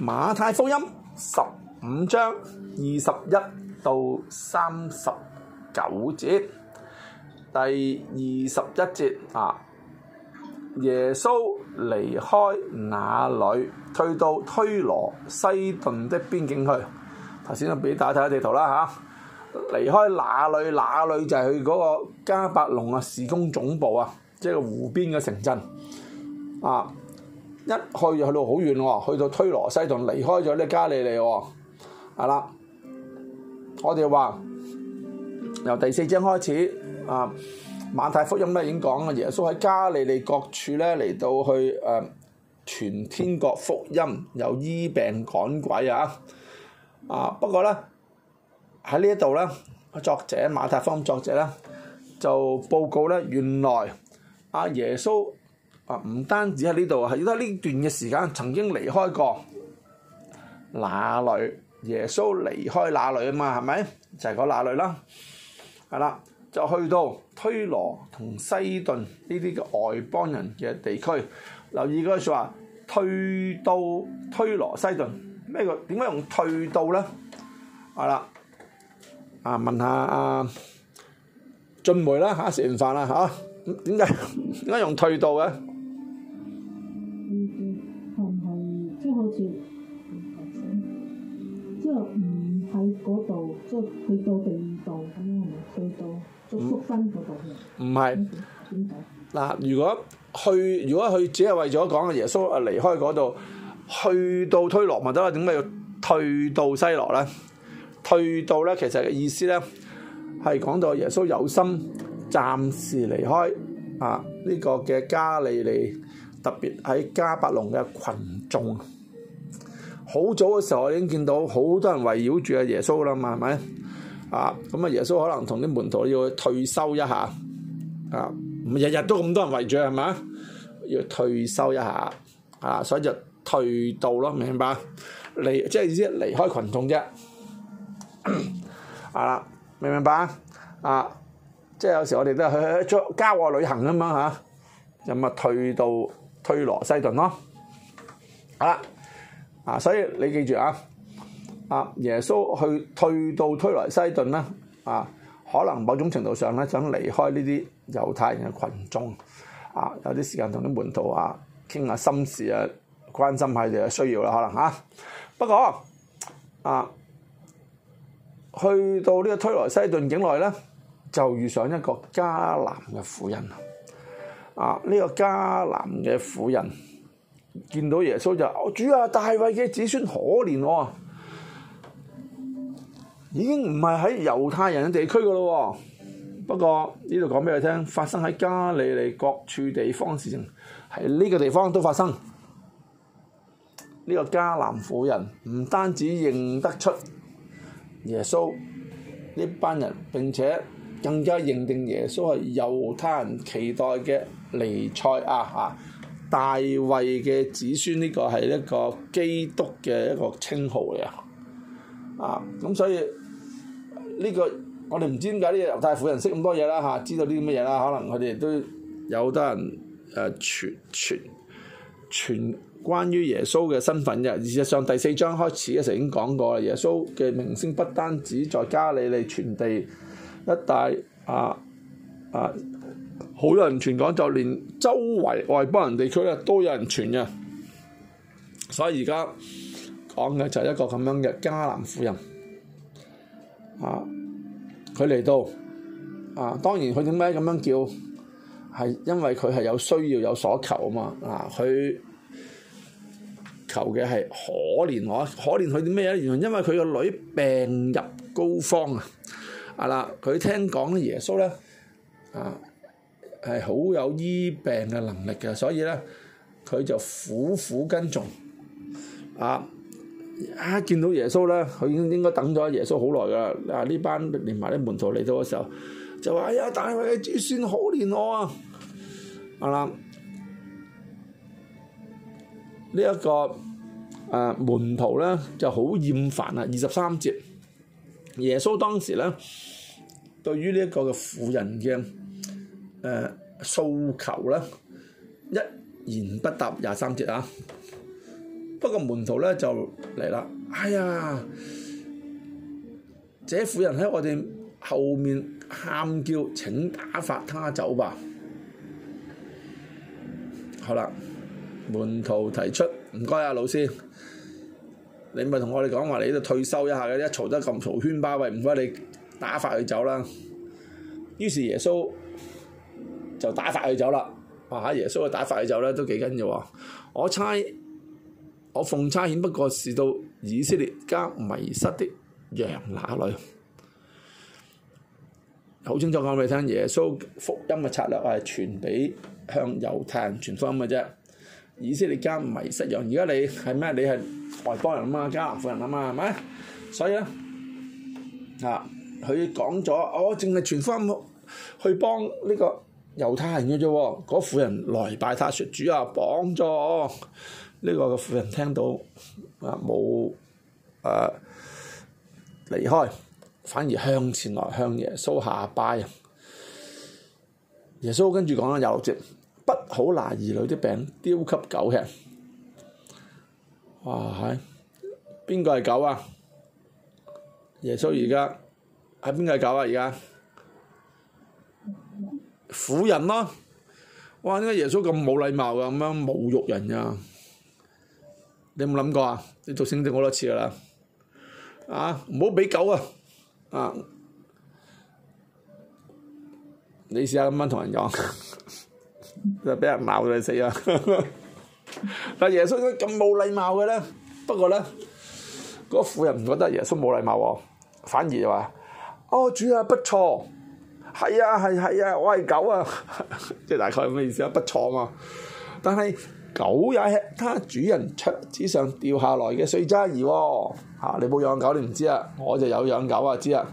馬太福音十五章二十一到三十九節，第二十一節啊，耶穌離開那裏，退到推羅西頓的邊境去。頭先啊，俾大家睇下地圖啦嚇。離開那裏？那裏就係去嗰個迦百農啊，事工總部啊，即係湖邊嘅城鎮啊。一去就去到好遠喎，去到推羅西頓，離開咗呢加利利喎。哦，係啦。我哋話由第四章開始啊，馬太福音咧已經講，耶穌喺加利利各處咧嚟到去誒傳、啊、天國福音，又醫病趕鬼啊。啊不過咧喺呢一度咧，作者馬太方，作者咧就報告咧，原來阿、啊、耶穌。啊，唔單止喺呢度，係因為呢段嘅時間曾經離開過哪裏，耶穌離開哪裏啊嘛，係咪？就係嗰哪裏啦，係啦，就去到推羅同西頓呢啲嘅外邦人嘅地區。留意嗰句説話，退到推羅西頓，咩個？點解用退到咧？係啦，啊問下阿俊梅啦吓，食完飯啊啦吓，點解點解用退到嘅？佢嘅係唔係即係好似，即係唔喺嗰度，即、就、係、是、去到第二度咁樣，就是、去到再復分嗰度。唔係、嗯，嗱、嗯，如果去，如果去，只係為咗講耶穌啊離開嗰度，去到推羅咪得啦？點解要退到西羅咧？退到咧，其實嘅意思咧係講到耶穌有心暫時離開啊呢、這個嘅加利利。特別喺加百隆嘅群眾，好早嘅時候我已經見到好多人圍繞住阿耶穌啦嘛，係咪？啊，咁啊耶穌可能同啲門徒要退修一下，啊，日日都咁多人圍住係咪啊？要退修一下，啊，所以就退到咯，明唔明白？離即係意思離開群眾啫，係啦， 明唔明白？啊，即係有時候我哋都去去出郊外旅行啊嘛嚇，咁啊退到推羅西頓咯，好啦，啊，所以你記住啊，啊，耶穌去退到推羅西頓咧，啊，可能某種程度上咧想離開呢啲猶太人嘅群眾，啊，有啲時間同啲門徒啊傾下心事啊，關心下佢哋嘅需要啦，可能嚇。不過，啊，去到呢個推羅西頓境內咧，就遇上一個迦南嘅婦人。啊！呢、這個迦南嘅婦人見到耶穌就，哦、主啊，大衛嘅子孫可憐我，哦，已經唔係喺猶太人嘅地區噶咯，哦。不過呢度講俾你聽，發生喺加利利各處地方嘅事情，喺呢個地方都發生。呢、這個迦南婦人唔單止認得出耶穌呢班人，並且更加認定耶穌係猶太人期待嘅。尼賽啊，大衛嘅子孫，呢個係一個基督嘅一個稱號嚟啊！啊，咁所以呢、呢個我哋唔知點解啲猶太婦人識咁多嘢啦吓，知道啲咩嘢啦？可能佢哋都有好多人誒、啊、傳傳傳，傳關於耶穌嘅身份嘅。事實上第四章開始嘅時已經講過啦，耶穌嘅名聲不單止在加利利傳遞，一帶啊啊！啊好多人傳講，就連周圍外邦人地區咧都有人傳嘅，所以而家講嘅就係一個咁樣嘅迦南婦人，啊，佢嚟到，啊，當然佢點解咁樣叫？係因為佢係有需要有所求啊嘛，啊，佢求嘅係可憐我，可憐佢啲咩咧？原來因為佢個女病入膏肓啊，啊啦，佢聽講耶穌咧，啊。係好有醫病嘅能力嘅，所以咧佢就苦苦跟從，啊一見到耶穌咧，佢應應該等咗耶穌好耐噶啦，啊呢班連埋啲門徒嚟到嘅時候，就話哎呀，大衛嘅子孫可憐我啊，啊啦呢一個誒門徒咧就好厭煩啊，二十三節耶穌當時咧對於呢一個嘅婦人嘅。誒訴、呃、求啦，一言不答廿三節啊！不過門徒咧就嚟啦，哎呀！這婦人喺我哋後面喊叫：請打發他走吧！好啦，門徒提出：唔該啊，老師，你唔係同我哋講話你呢度退休一下嘅？這一嘈得咁嘈，圈巴圍，唔該你打發佢走啦！於是耶穌。就打發佢走啦！哇、啊、嚇，耶穌啊打發佢走咧都幾緊要喎！我差，我奉差遣不過是到以色列家迷失的羊那裏。好清楚講俾你聽，耶穌福音嘅策略係傳俾向猶太人傳福音嘅啫。以色列家迷失羊，而家你係咩？你係外邦人啊嘛，迦南婦人啊嘛，係咪？所以咧，啊，佢講咗，我淨係傳福音去幫呢、這個。猶太人嘅啫喎，嗰婦人來拜他，説：主啊，幫咗。呢個婦人聽到冇誒、呃、離開，反而向前來向耶穌下拜。耶穌跟住講啦，廿六節：不好拿兒女的餅丟給狗吃。哇嗨！邊個係狗啊？耶穌而家係邊個狗啊？而家？婦人咯，哇！點解耶穌咁冇禮貌噶，咁樣侮辱人呀？你有冇諗過啊？你做聖經好多次啦，啊，唔好俾狗啊！啊，你試下咁樣同人講，就俾人鬧你死啊！但係耶穌咁冇禮貌嘅咧，不過咧，嗰個婦人唔覺得耶穌冇禮貌喎，反而話：哦，主啊，不錯。係啊係係啊，啊，我係狗啊，即 係大概咁嘅意思啊，不錯嘛。但係狗也係，它主人桌子上掉下來嘅碎渣兒喎，哦啊。你冇養狗你唔知啊，我就有養狗，狗啊，知啊，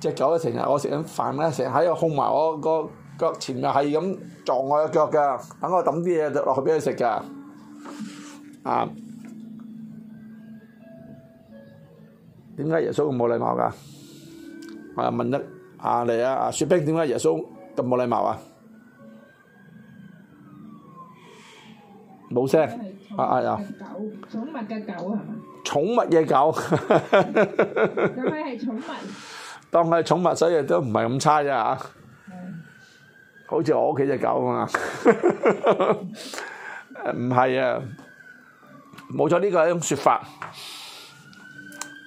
隻狗啊，成日我食緊飯咧，成日喺度控埋我個腳前啊，係咁撞我嘅腳嘅，等我抌啲嘢落去畀佢食嘅。嚇？點解耶穌咁冇禮貌㗎？我又問得。啊嚟啊！雪碧點解耶穌咁冇禮貌啊？冇聲啊啊呀！寵物嘅狗係嘛？寵物嘅狗，當佢係寵物，當係寵物，所以都唔係咁差啫嚇。好似我屋企隻狗啊嘛。誒唔係啊，冇咗，呢個係一種説法。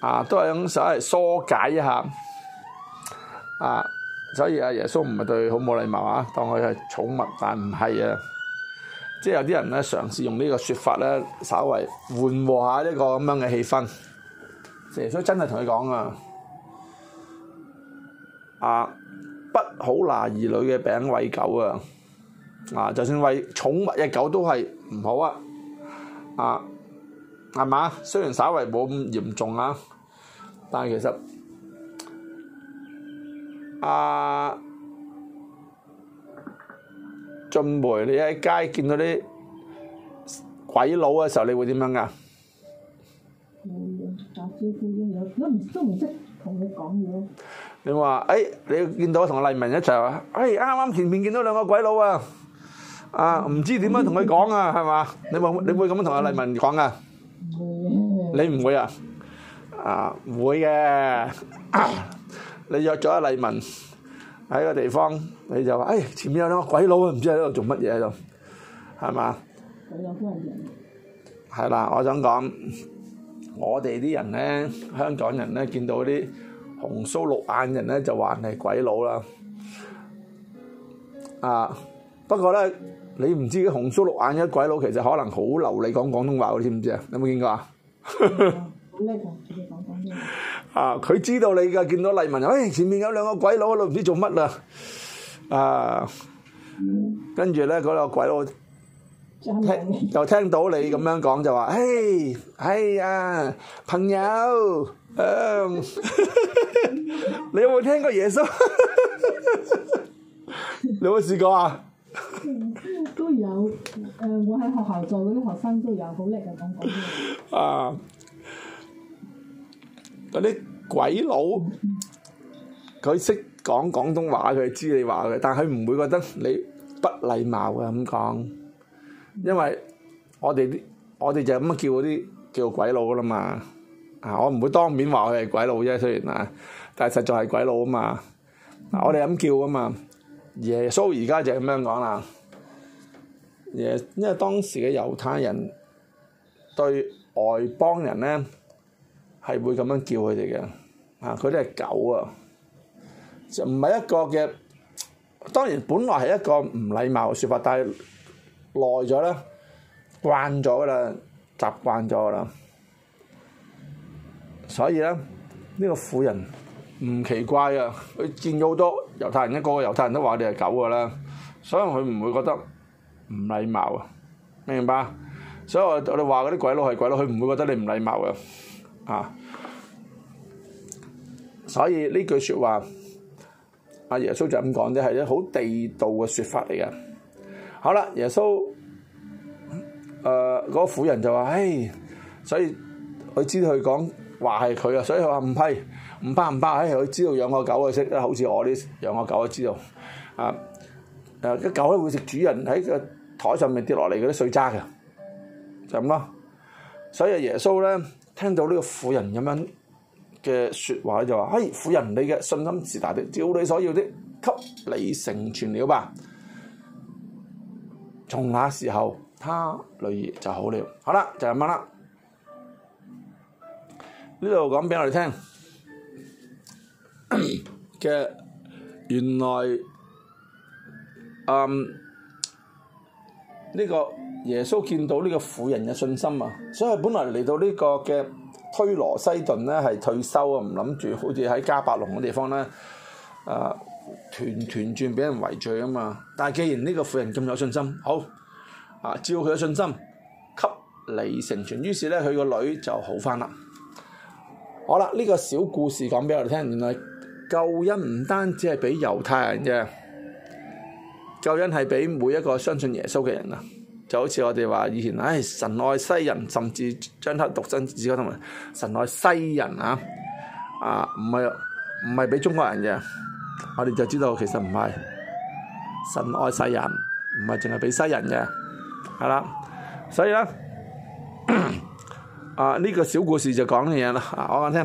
啊，都係咁，想嚟疏解一下。啊，所以阿耶穌唔係對佢好冇禮貌啊，當佢係寵物，但唔係啊，即係有啲人咧嘗試用呢個説法咧，稍微緩和下呢個咁樣嘅氣氛。耶穌真係同佢講啊，啊，不好拿兒女嘅餅餵狗啊，啊，就算餵寵物嘅狗都係唔好啊，啊，係嘛？雖然稍為冇咁嚴重啊，但係其實。阿俊、啊、梅，你喺街見到啲鬼佬嘅時候，你會點樣噶？你話，誒、哎，你見到我同阿麗文一齊啊？誒、哎，啱啱前面見到兩個鬼佬啊！啊，唔知點樣同佢講啊，係嘛？ 你會你會咁樣同阿麗文講啊？ 你唔會啊？啊，唔會嘅。啊你約咗阿麗文喺個地方，你就話：哎，前面有兩個鬼佬啊，唔知喺度做乜嘢喺度，係嘛？鬼佬都係人。係啦，我想講，我哋啲人咧，香港人咧，見到啲紅鬚綠眼人咧，就話係鬼佬啦。啊，不過咧，嗯、你唔知啲紅鬚綠眼嘅鬼佬其實可能好流利講廣東話，你知唔知啊？你有冇見過啊？嗯嗯 啊！佢知道你噶，見到麗文，誒、哎、前面有兩個鬼佬喺度唔知做乜啦，啊，啊，嗯、跟住咧，嗰兩個鬼佬，僅僅聽又聽到你咁樣講，嗯、就話，唉唉啊，朋友，啊、 你有冇聽過耶穌？ 你有冇試過啊？都有，誒、呃、我喺學校做嗰啲學生都有，好叻嘅講講啊！嗰啲鬼佬，佢識講廣東話，佢知你話嘅，但係佢唔會覺得你不禮貌嘅咁講，因為我哋啲我哋就係咁樣叫嗰啲叫鬼佬㗎啦嘛，啊我唔會當面話佢係鬼佬啫，雖然啊，但係實在係鬼佬啊嘛，嗱我哋咁叫啊嘛，耶穌而家就咁樣講啦，耶，因為當時嘅猶太人對外邦人咧。係會咁樣叫佢哋嘅，啊！佢哋係狗啊，就唔係一個嘅。當然本來係一個唔禮貌嘅説法，但係耐咗啦，慣咗啦，習慣咗啦。所以咧，呢個婦人唔奇怪啊！佢見咗好多猶太人咧，一個個猶太人都話你係狗㗎啦，所以佢唔會覺得唔禮貌啊！明白？所以我我哋話嗰啲鬼佬係鬼佬，佢唔會覺得你唔禮貌嘅，啊！所以呢句說話，阿耶穌就咁講啫，係一好地道嘅說法嚟嘅。好啦，耶穌，誒、呃，嗰、那個婦人就話：，唉、哎，所以佢知道佢講話係佢啊，所以佢話唔係，唔怕唔怕。唉，佢、哎、知道養個狗嘅識，好似我啲養個狗都知道。啊，誒、呃，啲狗咧會食主人喺個台上面跌落嚟嗰啲碎渣嘅，就咁咯。所以阿耶穌咧聽到呢個婦人咁樣。嘅說話就說，就、哎、話：，嘿，婦人，你嘅信心是大的，照你所要的，給你成全了吧。從那時候，他女兒就好了。好啦，就係咁啦。呢度講俾我哋聽嘅，原來，呢、嗯呢個耶穌見到呢個婦人嘅信心啊，所以本來嚟到呢個嘅。推羅西頓咧係退休啊，唔諗住好似喺迦百農嘅地方咧，啊團團轉俾人圍住啊嘛。但係既然呢個婦人咁有信心，好啊，照佢嘅信心給你成全。於是呢，佢個女就好翻啦。好啦，呢個小故事講俾我哋聽，原來救恩唔單止係俾猶太人啫，救恩係俾每一個相信耶穌嘅人啊。就好似我哋話以前，唉、哎，神愛西人，甚至將佢獨生子嗰同埋，神愛西人啊，啊，唔係唔係畀中國人嘅，我哋就知道其實唔係，神愛世人，唔係淨係畀西人嘅，係啦，所以咧，啊呢、這個小故事就講啲嘢啦，我講聽，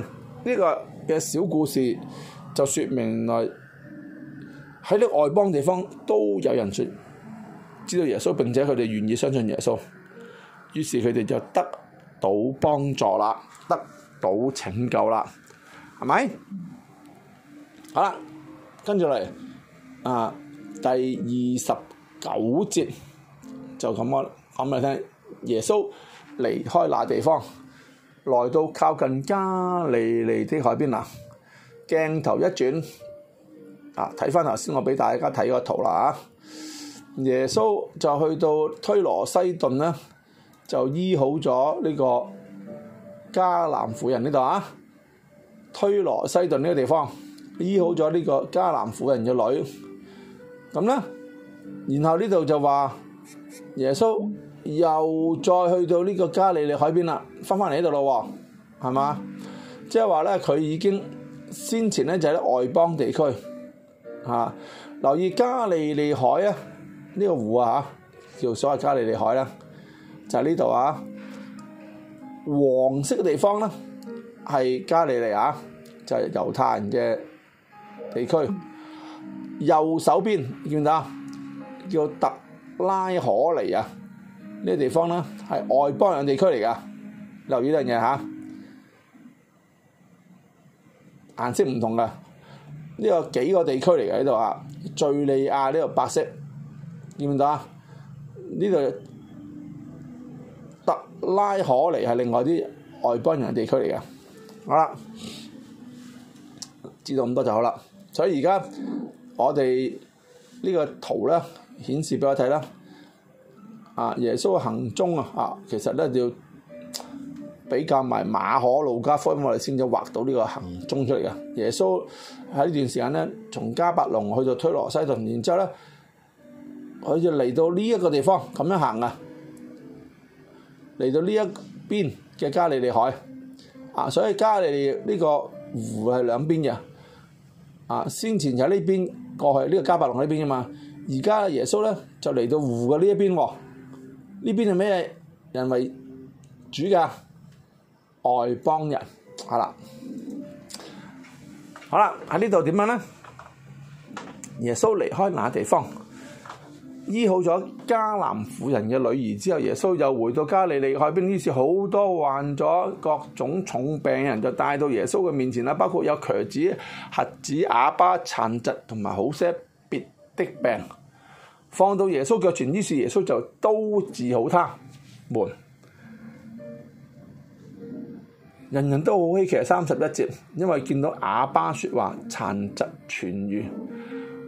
呢個嘅小故事就説明係喺啲外邦地方都有人説。知道耶穌，並且佢哋願意相信耶穌，於是佢哋就得到幫助啦，得到拯救啦，係咪？好啦，跟住嚟啊，第二十九節就咁樣講俾你聽。耶穌離開那地方，來到靠近加利利的海邊啦。鏡頭一轉啊，睇翻頭先我俾大家睇個圖啦啊！.耶穌就去到推羅西頓呢，就醫好咗呢個迦南婦人呢度啊，推羅西頓呢個地方醫好咗呢個迦南婦人嘅女，咁呢，然後呢度就話耶穌又再去到呢個加利利海邊啦，翻返嚟呢度咯，係嘛？即係話呢，佢已經先前呢就喺外邦地區嚇，啊，留意加利利海啊！呢個湖啊，叫所謂加利利海啦，就係呢度啊。黃色嘅地方啦，係加利利啊，就係猶太人嘅地區。右手邊見唔見到啊？叫特拉可尼啊，呢個地方啦，係外邦人地區嚟噶。留意呢樣嘢嚇，顏色唔同噶。呢個幾個地區嚟噶呢度啊，敍利亞呢個白色。見唔見到啊？呢度特拉可尼係另外啲外邦人地區嚟嘅，好啦，知道咁多就好啦。所以而家我哋呢個圖咧，顯示俾我睇啦。啊，耶穌嘅行蹤啊，啊，其實咧要比較埋馬可路加福音，我哋先至畫到呢個行蹤出嚟嘅。耶穌喺呢段時間咧，從加百隆去到推羅西頓，然之後咧。佢就嚟到呢一個地方咁樣行啊，嚟到呢一邊嘅加利利海，啊，所以加利利呢個湖係兩邊嘅，啊，先前就喺呢邊過去呢個加百隆呢邊嘅嘛，而家耶穌咧就嚟到湖嘅呢一邊喎，呢邊係咩人為主嘅外邦人，係啦，好啦，喺呢度點樣咧？耶穌離開那地方？醫好咗迦南婦人嘅女兒之後，耶穌又回到加利利海邊，於是好多患咗各種重病人就帶到耶穌嘅面前啦，包括有瘸子、瞎子、啞巴、殘疾同埋好些別的病，放到耶穌腳前，於是耶穌就都治好他們。人人都好希奇。三十一節，因為見到啞巴說話、殘疾痊愈。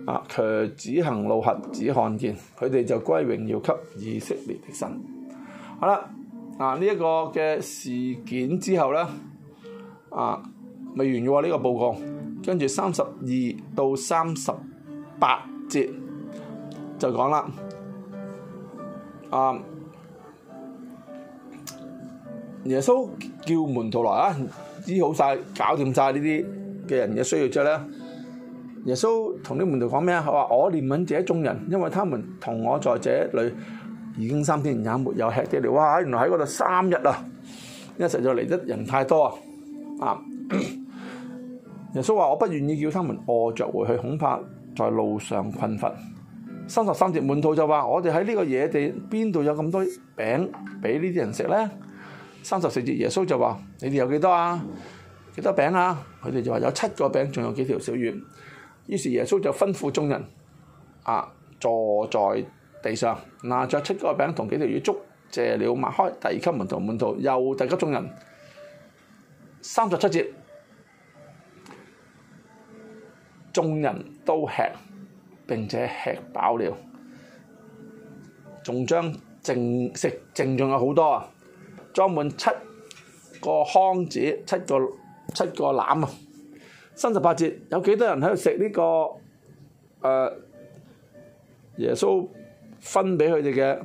啊！瘸子行路，瞎子看見，佢哋就歸榮耀給以色列的神。好啦，嗱呢一個嘅事件之後咧，啊未完嘅呢個報告，跟住三十二到三十八節就講啦。啊！耶穌叫門徒來啊，醫好晒，搞掂晒呢啲嘅人嘅需要啫咧。耶穌同啲門徒講咩啊？佢話：我憐憫這眾人，因為他們同我在這裏已經三天，也沒有吃的了。哇！原來喺嗰度三日啊，一食就嚟得人太多啊！啊！ 耶穌話：我不願意叫他們餓着回去，恐怕在路上困乏。三十三節，門徒就話：我哋喺呢個野地邊度有咁多餅俾呢啲人食咧？三十四節，耶穌就話：你哋有幾多啊？幾多餅啊？佢哋就話：有七個餅，仲有幾條小魚。於是耶穌就吩咐眾人，啊，坐在地上，拿着七個餅同幾條魚粥，謝了，擘開，遞給門徒門徒，又遞給眾人。三十七節，眾人都吃，並且吃飽了，仲將剩食剩仲有好多啊，裝滿七個筐子，七個七個籃三十八節有幾多人喺度食呢個誒、呃、耶穌分畀佢哋嘅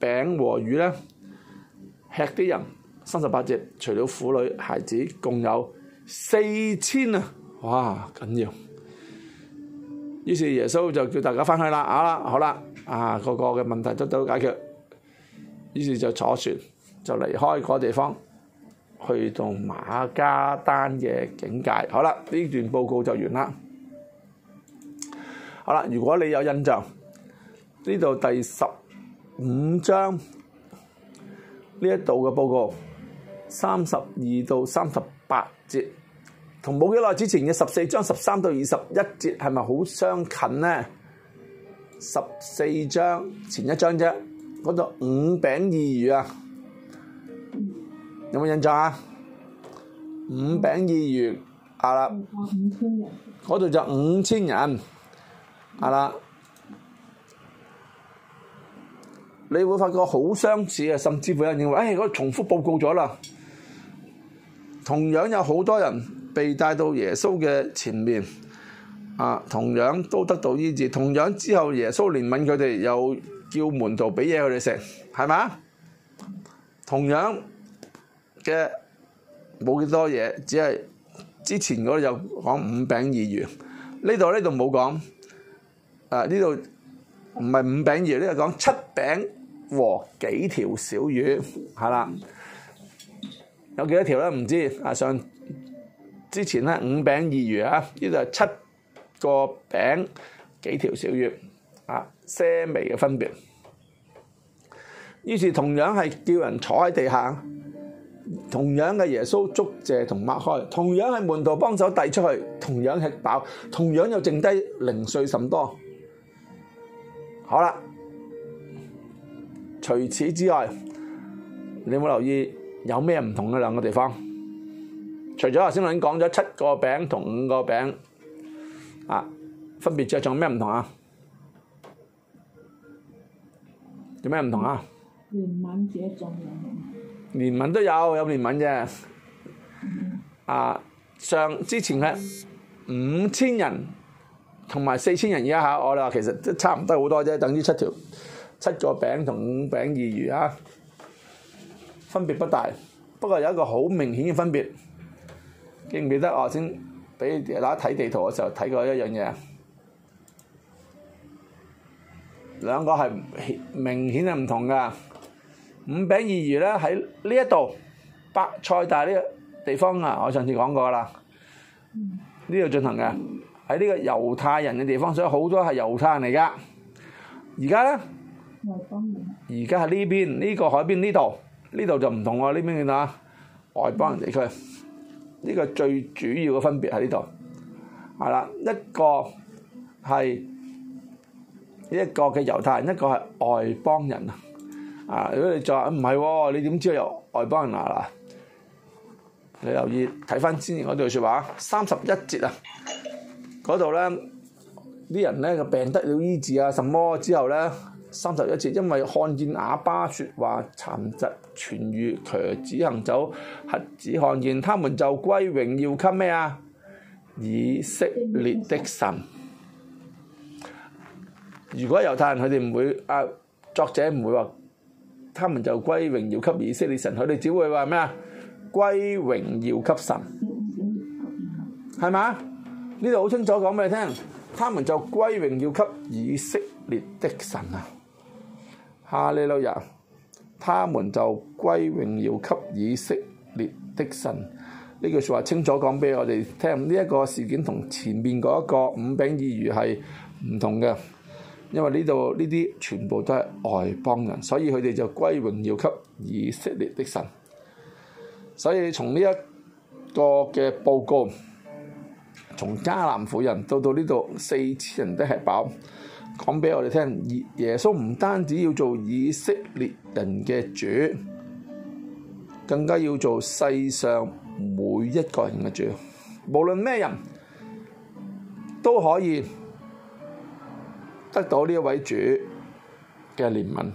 餅和魚咧？吃啲人三十八節，除咗婦女孩子，共有四千啊！哇緊要！於是耶穌就叫大家翻去啦啊，好啦啊，個個嘅問題得到解決。於是就坐船就離開嗰地方。去到馬加丹嘅境界，好啦，呢段報告就完啦。好啦，如果你有印象，呢度第十五章呢一度嘅報告，三十二到三十八節，同冇幾耐之前嘅十四章十三到二十一節，係咪好相近呢？十四章前一章啫，嗰度五餅二魚啊！有冇印象啊？五餅二魚，啊啦，嗰度就五千人，啊啦，嗯、你會發覺好相似啊！甚至有人認為，唉、哎，嗰、那個重複報告咗啦。同樣有好多人被帶到耶穌嘅前面，啊，同樣都得到醫治，同樣之後耶穌憐憫佢哋，又叫門徒畀嘢佢哋食，係嘛？同樣。嘅冇幾多嘢，只係之前嗰度有講五餅二魚，呢度呢度冇講。啊，呢度唔係五餅二魚，呢度講七餅和幾條小魚，係啦。有幾多條咧？唔知啊。上之前咧五餅二魚啊，呢度係七個餅幾條小魚啊，些微嘅分別。於是同樣係叫人坐喺地下。同樣嘅耶穌祝謝同擘開，同樣係門徒幫手遞出去，同樣吃飽，同樣又剩低零碎甚多。好啦，除此之外，你有冇留意有咩唔同嘅兩個地方？除咗頭先我已經講咗七個餅同五個餅啊，分別之後仲有咩唔同啊？有咩唔同啊？聯盟者眾人。連文都有，有連文嘅、啊，啊上之前係五千人同埋四千人以下，我哋話其實都差唔多好多啫，等於七條七個餅同五餅二魚啊，分別不大，不過有一個好明顯嘅分別，記唔記得我先畀大家睇地圖嘅時候睇過一樣嘢啊？兩個係明顯係唔同㗎。五餅二魚咧喺呢一度伯賽大呢個地方啊，我上次講過啦，呢度、嗯、進行嘅喺呢個猶太人嘅地方，所以好多係猶太人嚟㗎。而家咧，外邦人。而家喺呢邊呢、呢個海邊呢度，呢度就唔同喎。呢邊見到啊，外邦人地區，呢、嗯、個最主要嘅分別喺呢度，係啦一個係一個嘅猶太人，一個係外邦人啊。啊！如果你再唔係喎，你點知有外邦人話啦？你留意睇翻之前嗰段説話，三十一節啊，嗰度咧啲人咧就病得了醫治啊，什麼之後咧三十一節，因為看見啞巴説話、殘疾痊愈、瘸子行走、瞎子看見，他們就歸榮耀給咩啊？以色列的神。如果猶太人佢哋唔會啊，作者唔會話。他們就歸榮耀給以色列神，佢哋只會話咩啊？歸榮耀給神，係嘛？呢度好清楚講俾你聽，他們就歸榮耀給以色列的神啊！哈利路亞！他們就歸榮耀給以色列的神。呢句説話清楚講俾我哋聽，呢一個事件同前面嗰一個五餅二魚係唔同嘅。因為呢度呢啲全部都係外邦人，所以佢哋就歸榮耀給以色列的神。所以從呢一個嘅報告，從迦南婦人到到呢度四千人都吃飽，講畀我哋聽，耶穌唔單止要做以色列人嘅主，更加要做世上每一個人嘅主，無論咩人都可以。得到呢一位主嘅憐憫，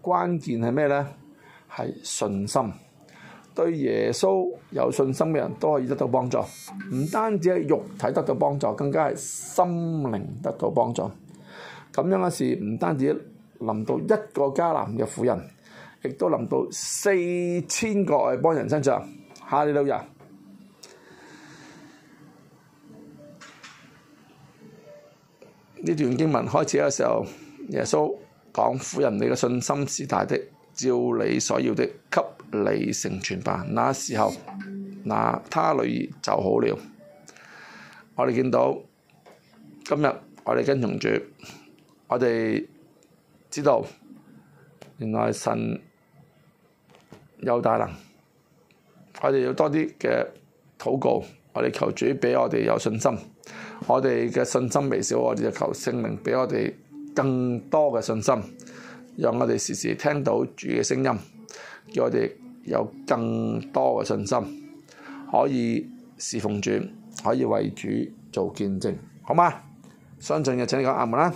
關鍵係咩呢？係信心。對耶穌有信心嘅人都可以得到幫助，唔單止係肉體得到幫助，更加係心靈得到幫助。咁樣嘅事唔單止臨到一個迦南嘅婦人，亦都臨到四千個外邦人身上。哈利路亞！呢段經文開始嘅時候，耶穌講：婦人，你嘅信心是大的，照你所要的，給你成全吧。那時候，那他女兒就好了。我哋見到今日我，我哋跟從主，我哋知道原來神有大能。我哋要多啲嘅禱告，我哋求主畀我哋有信心。我哋嘅信心微小，我哋就求聖靈畀我哋更多嘅信心，讓我哋時時聽到主嘅聲音，叫我哋有更多嘅信心，可以侍奉主，可以為主做見證，好嗎？相信嘅請你講阿門啦。